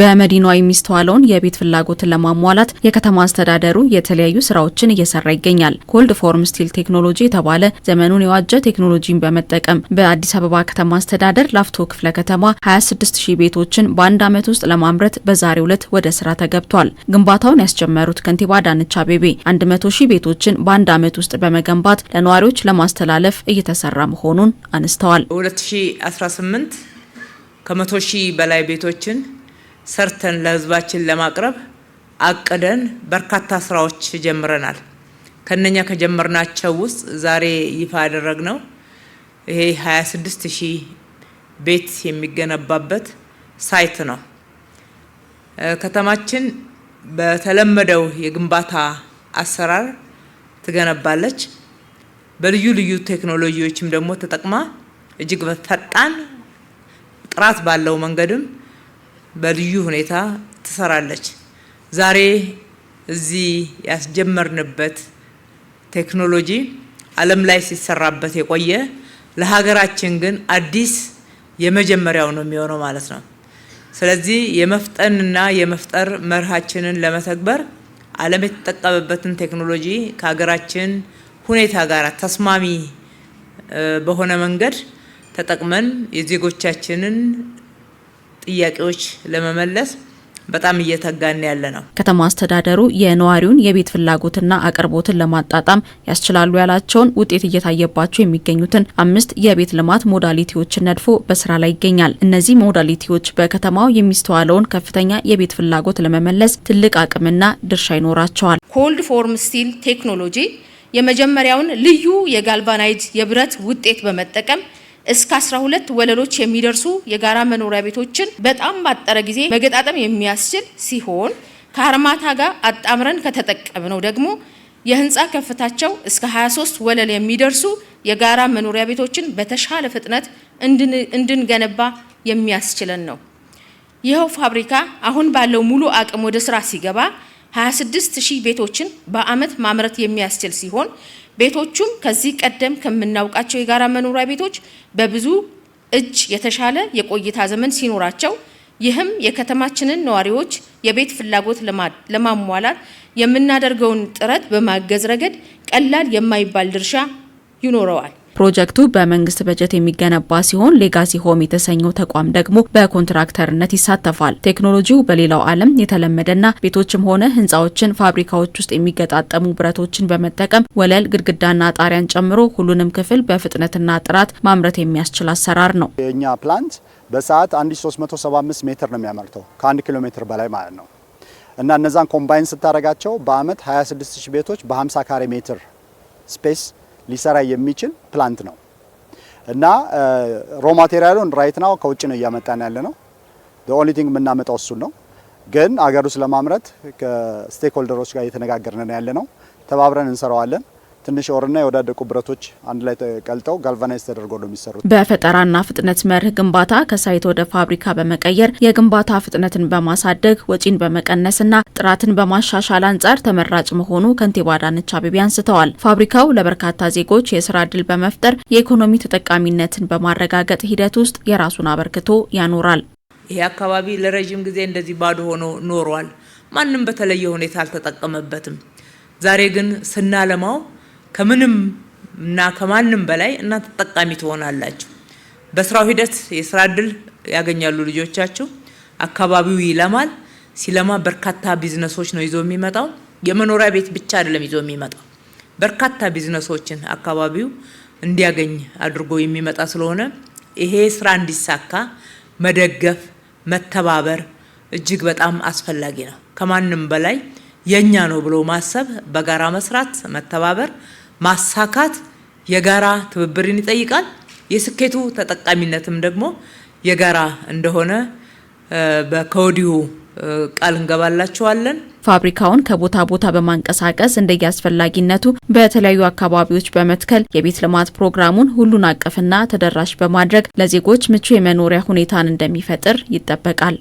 በመዲናዋ የሚስተዋለውን የቤት ፍላጎትን ለማሟላት የከተማ አስተዳደሩ የተለያዩ ስራዎችን እየሰራ ይገኛል። ኮልድ ፎርም ስቲል ቴክኖሎጂ የተባለ ዘመኑን የዋጀ ቴክኖሎጂን በመጠቀም በአዲስ አበባ ከተማ አስተዳደር ላፍቶ ክፍለ ከተማ 26 ሺህ ቤቶችን በአንድ ዓመት ውስጥ ለማምረት በዛሬው ዕለት ወደ ስራ ተገብቷል። ግንባታውን ያስጀመሩት ከንቲባ አዳነች አቤቤ 100 ሺህ ቤቶችን በአንድ ዓመት ውስጥ በመገንባት ለነዋሪዎች ለማስተላለፍ እየተሰራ መሆኑን አነስተዋል በ2018 ከ100 ሺህ በላይ ቤቶችን ሰርተን ለህዝባችን ለማቅረብ አቅደን በርካታ ስራዎች ጀምረናል። ከነኛ ከጀመርናቸው ውስጥ ዛሬ ይፋ ያደረግነው ይሄ 26 ሺህ ቤት የሚገነባበት ሳይት ነው። ከተማችን በተለመደው የግንባታ አሰራር ትገነባለች። በልዩ ልዩ ቴክኖሎጂዎችም ደግሞ ተጠቅማ እጅግ ፈጣን ጥራት ባለው መንገድም በልዩ ሁኔታ ትሰራለች። ዛሬ እዚህ ያስጀመርንበት ቴክኖሎጂ ዓለም ላይ ሲሰራበት የቆየ ለሀገራችን ግን አዲስ የመጀመሪያው ነው የሚሆነው ማለት ነው። ስለዚህ የመፍጠንና የመፍጠር መርሃችንን ለመተግበር ዓለም የተጠቀመበትን ቴክኖሎጂ ከሀገራችን ሁኔታ ጋር ተስማሚ በሆነ መንገድ ተጠቅመን የዜጎቻችንን ጥያቄዎች ለመመለስ በጣም እየተጋን ያለ ነው። ከተማ አስተዳደሩ የነዋሪውን የቤት ፍላጎትና አቅርቦትን ለማጣጣም ያስችላሉ ያላቸውን ውጤት እየታየባቸው የሚገኙትን አምስት የቤት ልማት ሞዳሊቲዎችን ነድፎ በስራ ላይ ይገኛል። እነዚህ ሞዳሊቲዎች በከተማው የሚስተዋለውን ከፍተኛ የቤት ፍላጎት ለመመለስ ትልቅ አቅምና ድርሻ ይኖራቸዋል። ኮልድ ፎርም ስቲል ቴክኖሎጂ የመጀመሪያውን ልዩ የጋልቫናይድ የብረት ውጤት በመጠቀም እስከ 12 ወለሎች የሚደርሱ የጋራ መኖሪያ ቤቶችን በጣም ባጠረ ጊዜ መገጣጠም የሚያስችል ሲሆን ከአርማታ ጋር አጣምረን ከተጠቀምነው ደግሞ የህንፃ ከፍታቸው እስከ 23 ወለል የሚደርሱ የጋራ መኖሪያ ቤቶችን በተሻለ ፍጥነት እንድንገነባ የሚያስችለን ነው። ይኸው ፋብሪካ አሁን ባለው ሙሉ አቅም ወደ ስራ ሲገባ 26 ሺህ ቤቶችን በአመት ማምረት የሚያስችል ሲሆን ቤቶቹም ከዚህ ቀደም ከምናውቃቸው የጋራ መኖሪያ ቤቶች በብዙ እጅ የተሻለ የቆይታ ዘመን ሲኖራቸው ይህም የከተማችንን ነዋሪዎች የቤት ፍላጎት ለማሟላት የምናደርገውን ጥረት በማገዝ ረገድ ቀላል የማይባል ድርሻ ይኖረዋል። ፕሮጀክቱ በመንግስት በጀት የሚገነባ ሲሆን ሌጋሲ ሆም የተሰኘው ተቋም ደግሞ በኮንትራክተርነት ይሳተፋል። ቴክኖሎጂው በሌላው ዓለም የተለመደና ቤቶችም ሆነ ህንፃዎችን፣ ፋብሪካዎች ውስጥ የሚገጣጠሙ ብረቶችን በመጠቀም ወለል፣ ግድግዳና ጣሪያን ጨምሮ ሁሉንም ክፍል በፍጥነትና ጥራት ማምረት የሚያስችል አሰራር ነው። የእኛ ፕላንት በሰዓት 1375 ሜትር ነው የሚያመርተው ከአንድ ኪሎ ሜትር በላይ ማለት ነው እና እነዛን ኮምባይን ስታደርጋቸው በአመት 26000 ቤቶች በ50 ካሬ ሜትር ስፔስ ሊሰራ የሚችል ፕላንት ነው እና ሮ ማቴሪያሉን ራይት ናው ከውጭ ነው እያመጣን ያለ ነው። ኦንሊ ቲንግ የምናመጣው እሱን ነው። ግን አገር ውስጥ ለማምረት ከስቴክ ሆልደሮች ጋር እየተነጋገርን ያለ ነው። ተባብረን እንሰራዋለን። ትንሽ ኦርና የወዳደቁ ብረቶች አንድ ላይ ተቀልጠው ጋልቫናይዝ ተደርጎ ነው የሚሰሩት። በፈጠራና ፍጥነት መርህ ግንባታ ከሳይት ወደ ፋብሪካ በመቀየር የግንባታ ፍጥነትን በማሳደግ ወጪን በመቀነስና ጥራትን በማሻሻል አንጻር ተመራጭ መሆኑ ከንቲባ አዳነች አቤቤ አንስተዋል። ፋብሪካው ለበርካታ ዜጎች የስራ እድል በመፍጠር የኢኮኖሚ ተጠቃሚነትን በማረጋገጥ ሂደት ውስጥ የራሱን አበርክቶ ያኖራል። ይሄ አካባቢ ለረዥም ጊዜ እንደዚህ ባዶ ሆኖ ኖሯል። ማንም በተለየ ሁኔታ አልተጠቀመበትም። ዛሬ ግን ስናለማው ከምንም እና ከማንም በላይ እናንተ ተጠቃሚ ትሆናላችሁ። በስራው ሂደት የስራ እድል ያገኛሉ ልጆቻችሁ። አካባቢው ይለማል። ሲለማ በርካታ ቢዝነሶች ነው ይዞ የሚመጣው። የመኖሪያ ቤት ብቻ አይደለም ይዞ የሚመጣው በርካታ ቢዝነሶችን አካባቢው እንዲያገኝ አድርጎ የሚመጣ ስለሆነ ይሄ ስራ እንዲሳካ መደገፍ፣ መተባበር እጅግ በጣም አስፈላጊ ነው። ከማንም በላይ የኛ ነው ብሎ ማሰብ፣ በጋራ መስራት፣ መተባበር ማሳካት የጋራ ትብብርን ይጠይቃል። የስኬቱ ተጠቃሚነትም ደግሞ የጋራ እንደሆነ ከወዲሁ ቃል እንገባላችኋለን። ፋብሪካውን ከቦታ ቦታ በማንቀሳቀስ እንደየአስፈላጊነቱ በተለያዩ አካባቢዎች በመትከል የቤት ልማት ፕሮግራሙን ሁሉን አቀፍና ተደራሽ በማድረግ ለዜጎች ምቹ የመኖሪያ ሁኔታን እንደሚፈጥር ይጠበቃል።